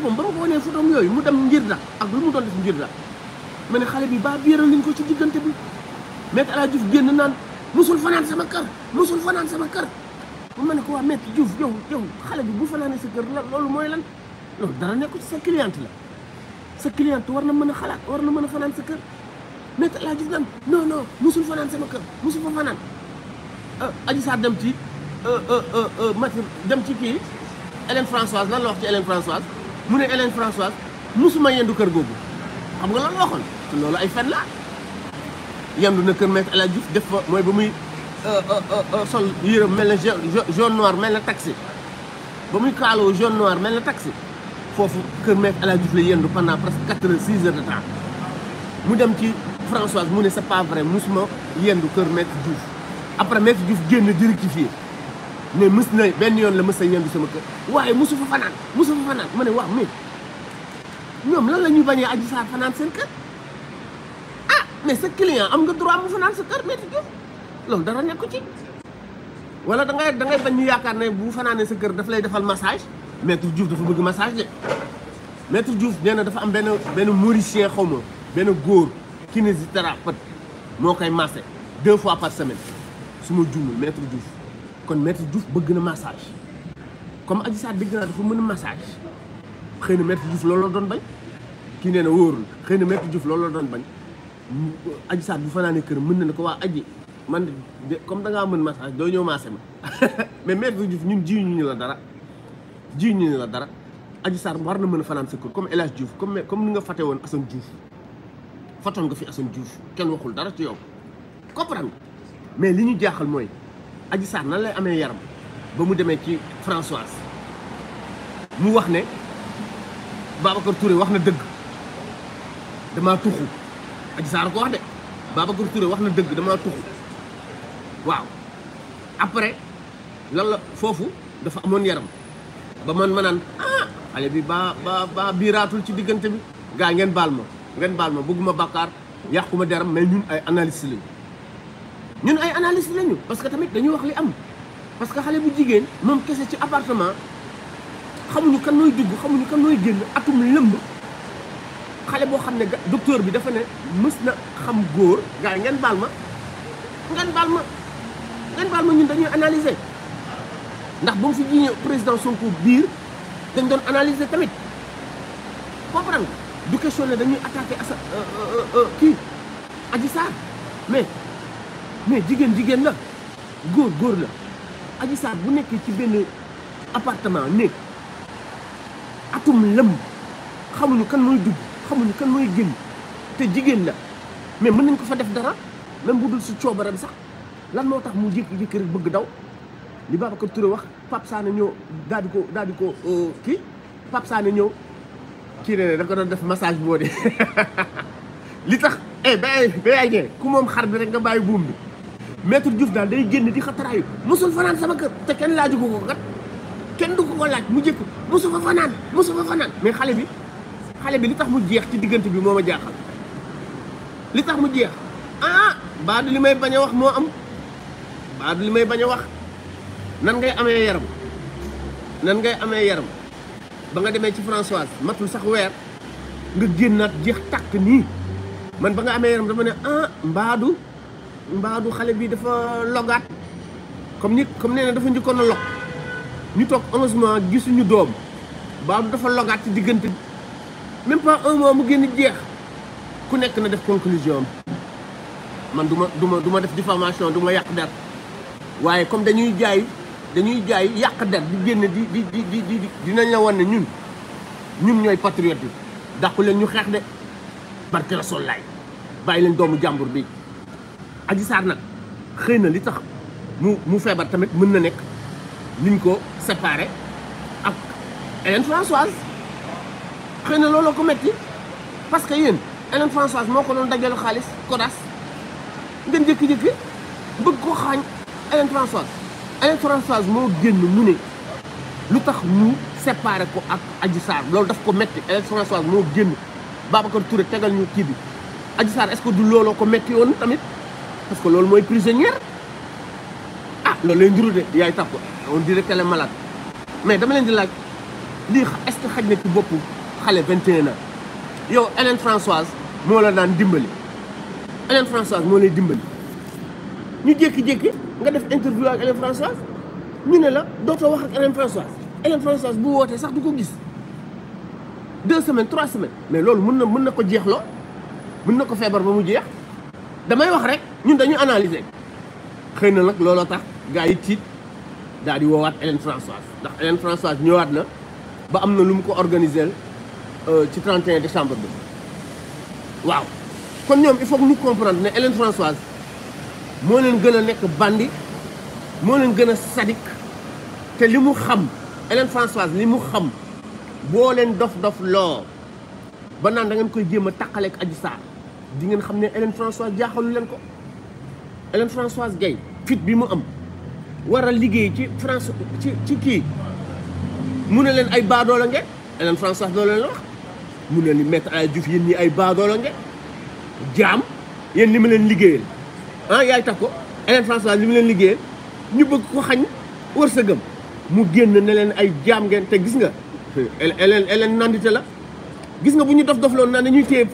moom ah ba ma ko wanee photo yooyu mu dem ngir da ak lu mu doon def ngir la ma ne xale bi baa biiral nañ ko ci diggante bi maître laa Diouf génn naan musul fanaan sama kër musul fanaan sama kër mu ma ne ko waa maître Diouf xale bi bu fanaane sa kër loolu mooy lan loolu dara nekku ci sa cliente la sa cliente war na mën a xalaat war na mën a fanaan sa kër maître ala Diouf naan non non fanaan sama kër musul fa fanaan euh, Adji Sarr dem ci euh, euh, maître dem ci kii Hélène Françoise lan la wax ci Hélène Françoise mu ne Hélène Françoise musuma yendu kër googu xam nga waxoon te loolu ay fen la yendu na kër El def fa mooy ba muy euh, euh, euh, sol jaune noir mel taxi ba muy kaaloo jaune noir mel taxi foofu kër El yendu pendant presque quatre heures six heures de temps mu dem ci Françoise mu c'est pas vrai musuma yendu kër après maître Diouf génn di ne mës na ben yon la mës a ñëw sama kër waaye mosu fa fanaan mosu fa fanaan ma ne waaw mais la ñuy bañee aji sa fanaan seen kër ah mais ce client am nga droit mu fanaan sa kër métti Diouf loolu dara nekku wala da ngay da ngay bañ ñu ne bu fanaanee sa kër daf lay defal massage maître Diouf dafa bëgg massage de maître Diouf nee na dafa am ben ben mauricien xaw ben benn góor kinésithérapeute moo koy deux fois par semaine su ma juumul maître Diouf. kon maître Diouf bëgg na massage comme Adji saat bi naa dafa mën a massage xëy na maître Diouf loolu la doon bañ kii nee na wóorul xëy na maître Diouf loolu la doon bañ Adji Sarr bu fanaanee kër mën na ne ko waa aji man de comme da ngaa mën massage doo ñëw maase ma mais maître Diouf ñun jiw ñu la dara jiw ñu la dara Adji Sarr war na mën a fanaan sa kër comme El Hadj Diouf comme comme nga fate woon Assane Diouf fatoon nga fi Assane Diouf kenn waxul dara ci yow comprendre mais li ñu jaaxal mooy. Adji Sarr nan lay amee yaram ba mu demee ci Françoise mu wax ne Babacar ture wax na dëgg damaa tuxu Adji Sarr ko wax de Babacar Touré wax na dëgg damaa tuxu waaw après lan la foofu dafa amoon yaram ba man ma naan ah, xale bi ba ba ba biiraatul ci diggante bi gaa ngeen baal ma ngeen baal ma bëgguma bàkkaar yàquma deram mais ñun ay analyste lañu ñun ay analyste lañu parce que tamit dañuy wax li am parce que xale bu jigéen moom kese ci apartement xamuñu kan nooy dugg xamuñu kan nooy génn atum lëmb xale boo xam ne docteur bi dafa ne mës na xam góor gars yi ngeen baal ma ngeen baal ma ngeen baal ma ñun dañuy analyser ndax ba mu fi jiñee président Sonko biir dañ doon analyser tamit comprendre du question ne dañuy attaqué asa euh, euh, euh, kii Adji mais mais jigéen jigéen la góor góor la Adji Sarr bu nekkee ci benn appartement néeg atum lëmm xamuñu kan mooy dugg xamuñu kan mooy génn te jigéen la mais mën nañ ko fa def dara même bu dul si coobaram sax lan moo tax mu jékki-jékki rek bëgg daw li ko Touré wax Pape Sané ñëw daal di ko daal di ko euh, kii Pape Sané ñëw ci ne daf ko doon def massage moo de li tax eh ba ay ba ay ku moom xar bi rek nga bàyyi buum bi maître Diouf dal day génn di xatray musul fanan sama kër te kenn laaju ko ko kat kenn du ko ko laaj mu jëkk musul fa fanaan mosu fa fanaan mais xale bi xale bi li tax mu jeex ci diggante bi moma jaaxal li tax mu jeex ah ba du limay baña wax mo am ba du limay baña wax nan ngay amé yaram nan ngay amé yaram ba nga démé ci Françoise matul sax wèr nga gennat jeex tak ni man ba nga amé yaram dama né ah mbaadu mbaa du xale bi dafa logaat comme nit comme nee dafa njëkkoon a log ñu toog heureusement gisuñu doom mbaa du dafa logaat ci diggante même pas un mu génn jeex ku nekk na def conclusion man du ma du ma du ma def diffamation du ma yàq der waaye comme dañuy jaay dañuy jaay yàq der di génn di di di di di dinañ la wan ne ñun ñun ñooy patriote yi dàqu leen ñu xeex de barke la sol laay bàyyi leen doomu jàmbur bi Adji Sarr nak xeyna li tax mu mu febar tamit mën na nek niñ ko séparer ak Hélène Françoise xëy lolo ko metti parce que yéen Hélène Françoise moo ko doon dajale xaalis kodas ngeen jékki-jékki bëgg ko xaañ Hélène Françoise Hélène Françoise mo génn mu ne lu tax ñu séparer ko ak Adji Sarr loolu daf ko metti Hélène Françoise mo génn Babacar Touré tegal ñu kii bi Adji Sarr est-ce que du lolo ko metti woon tamit parce que loolu mooy prisonnière ah loolu lay nduru de yaay tàpp on dirait qu'elle est mais dama leen di laaj lii est-ce que xaj na ci bopp xale 21 ans yow Hélène Françoise moo la daan dimbali Hélène Françoise moo lay dimbali ñu jékki-jékki nga def interview ak Hélène Françoise ñu ne la doo dootoo wax ak Hélène Françoise Hélène Françoise bu wootee sax du ko gis deux semaines trois semaines mais loolu mun na mën na ko jeex jeexloo mun na ko feebar ba mu jeex damay wax rek ñun dañu analyser xëy na nag loolu tax gars yi tiit daal di woowaat Hélène Françoise ndax Hélène Françoise ñëwaat na ba am na lu mu ko organiser euh, ci 31 décembre bi waaw kon ñoom il faut nu ñu comprendre ne Hélène Françoise moo leen gën a nekk bandi moo leen gën a sadik te li mu xam Hélène Françoise li mu xam boo leen dof-dof loo ba naan da ngeen koy jéem a taqaleeg Adji Sarr di ngeen xam ne Hélène Françoise jaaxalu leen ko Hélène Françoise Gaye fit bi mu am war a liggéey ci France ci ci kii mu ne leen ay baadoola ngeen Hélène Françoise loolu leen wax mu ne li Maître El Hadji Diouf nii ay ay baadoola ngeen jaam yéen ni ma leen liggéeyal ah yaay tax ko Hélène Françoise li mu leen liggéeyal ñu bëgg ko xañ wërsëgam mu génn ne leen ay jaam ngeen te gis nga Hélène Hélène nandite la gis nga bu ñu dof dof loon naan ñuy téye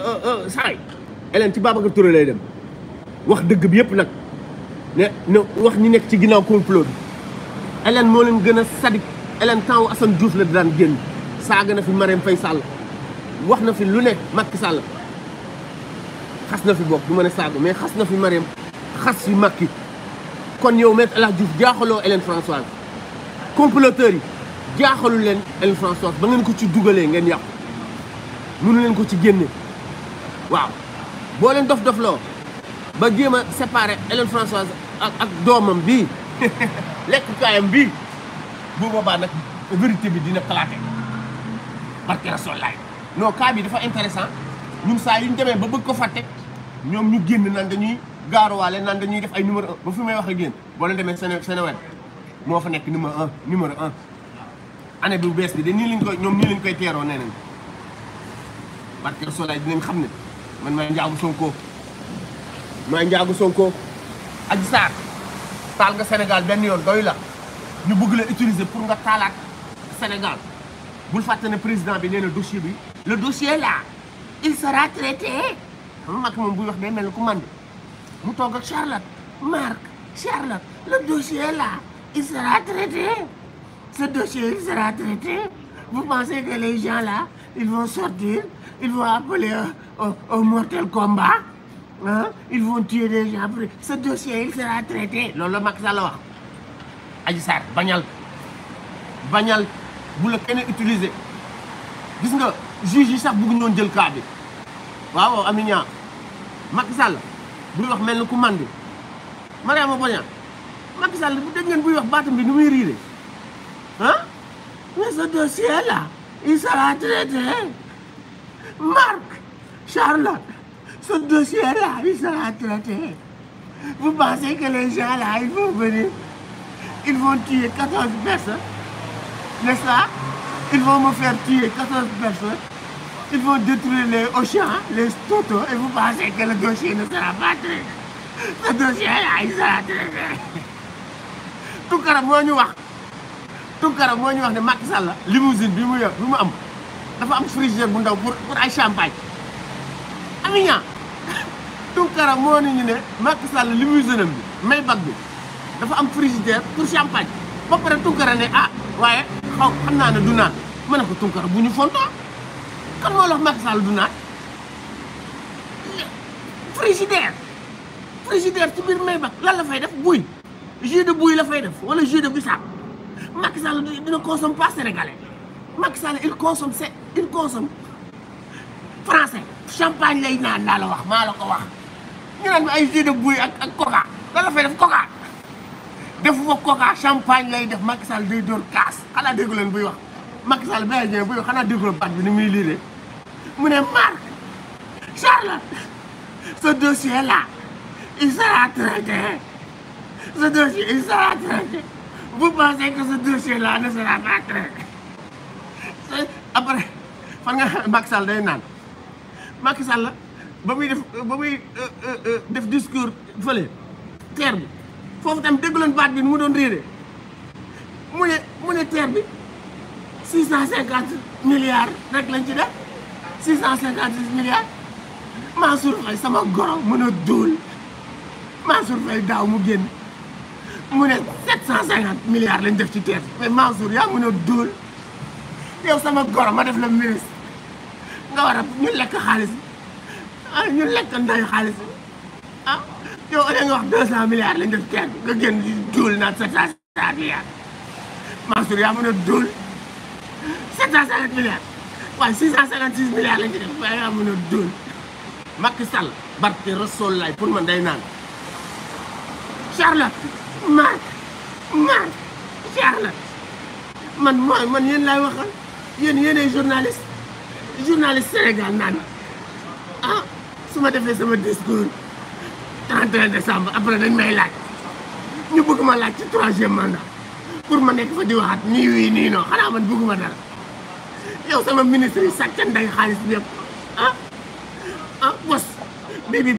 euh, euh, saay Hélène ci Babacar Touré lay dem wax deug bi yep nak ne wax ñi nek ci ginaaw complot elen mo leen gëna sadik elen temps wu Assane Diouf la daan génn saaga na fi Marème Faye Sall wax na fi lu ne Macky Sall xas na fi bok du ma sagu mais xas na fi Marème xas fi Macky kon yow met El Hadj Diouf jaaxaloo Hélène Françoise comploteurs yi jaaxalu leen elen françois ba ngeen ko ci dugale ngeen yaq mënu leen ko ci génne waaw bo leen dof dof lo ba jéem a séparé Hélène Françoise ak ak doomam bii lekkukaayam bi bu boobaa nag vérité bi dina claté barke rasool laay non cas bi dafa intéressant ñun saa yi ñu demee ba bëgg ko fàtte ñoom ñu génn nan dañuy gaaruwaale nan dañuy def ay numéro un ba fi may wax ak yéen boo leen demee seen seen web moo fa nekk numéro un numéro un année bu bees bi dañ nii lañ koy ñoom nii lañ koy teeroo nee nañ barke rasool laay dinañ xam ne man ma njaamu Sonko maa njaagu Sonko Adji Sarr taal Sénégal ben yon, doy la voulons utiliser pour le au Sénégal Vous faites le président bi le dossier le dossier là il sera traité Je ne sais pas le wax day mel ni Charlotte Marc Charlotte le dossier là il sera traité ce dossier il sera traité vous pensez que les gens là ils vont sortir ils vont appeler au mortel combat ah ils vont tuer des gens ce dossier il sera traité Lolo la Macky Sall wax. Adji Sarr le pouvez bu la utiliser gis nga juge yi sax bëgg le jël cas waaw Aminia Macky Sall buy wax le ni ku mandi Mariama Boña Macky Sall bu dégg ngeen nous wax baatam bi hein? mais ce dossier là il sera traité Marc Charlotte. Ce dossier-là, il sera traité. Vous pensez que les gens-là, ils vont venir, ils vont tuer 14 personnes, n'est-ce pas Ils vont me faire tuer 14 personnes, ils vont détruire les Auchan, les Toto, et vous pensez que le dossier ne sera pas traité. Ce dossier-là, il sera traité. Tout le moi, nous, Tounkara Tout ñu wax de Macky Sall limousine bi bimam, la femme pour pour ay champagne Amiña Tounkara moo ni ñu ne Macky Sall limousine am bi may bag bi dafa am frigidaire pour champagne ba pare Tounkara ne ah waaye xaw xam naa ne du naan ma ne ko Tounkara bu ñu fontoo kan moo la wax du naan frigidaire frigidaire ci may bag lan la fay def buy jus de buy la fay def wala jus de bissap Macky Sall dina consomme pas sénégalais Macky il consomme français champagne lay naan daa la wax maa la ko wax ñu naan ay jus de buy ak ak coca da la fay def coca defu fa coca champagne lay def Macky Sall day dóor kaas xanaa buy wax Macky Sall ba ñëwee buy wax xanaa déggu leen baat bi ni muy liiree mu ne Marc Charles ce dossier là il sera traité ce dossier il sera traité vous pensez que ce dossier là ne sera fan nga Macky Sall day Macky Sall ba muy def ba muy euh, euh, euh, def discours fële teer bi foofu tam dégguloon baat bi nu mu doon réeré mu ne mu ne terre bi six cent cinquante milliards rek lañ ci def six cent cinquante six milliards Mansour Faye sama goro mën a dóol Mansour Faye daaw mu génn mu ne sept cent cinquante milliards lañ def ci terre mais Mansour yaa mën a dóol yow sama goro ma def la ministre nga war a ñu lekk xaalis ah ñu lekk nday xaalis ah yow da wax deux cent milliards lañ def kenn nga génn di dóol naan sept cent cinquante milliards yaa mën a dóol sept cent cinquante milliards waaye six cent cinquante six milliards lañ ci yaa mën a dóol Macky Sall barke Rasool laay pour man day naan Charlotte man man Charlotte man mooy man yéen laay waxal yéen yéenay journaliste journaliste Sénégal naan ah, su ma defee sama discours 31 décembre après dañ may laaj ñu bëgg ma laaj ci troisième mandat pour ma nekk fa di waxaat nii wii nii non xanaa man bëgguma dara yow sama ministre yi sàccan day xaalis bi yëpp ah ah bos.